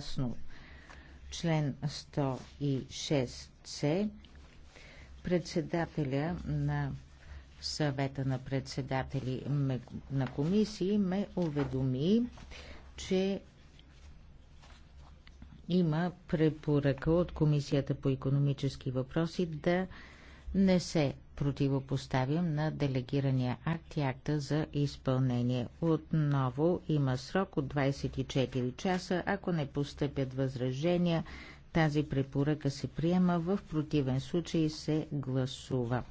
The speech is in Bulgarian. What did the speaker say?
съгласно член 106c, председателя на съвета на председатели на комисии ме уведоми, че има препоръка от Комисията по економически въпроси да не се противопоставим на делегирания акт и акта за изпълнение. Отново има срок от 24 часа. Ако не постъпят възражения, тази препоръка се приема, в противен случай се гласува.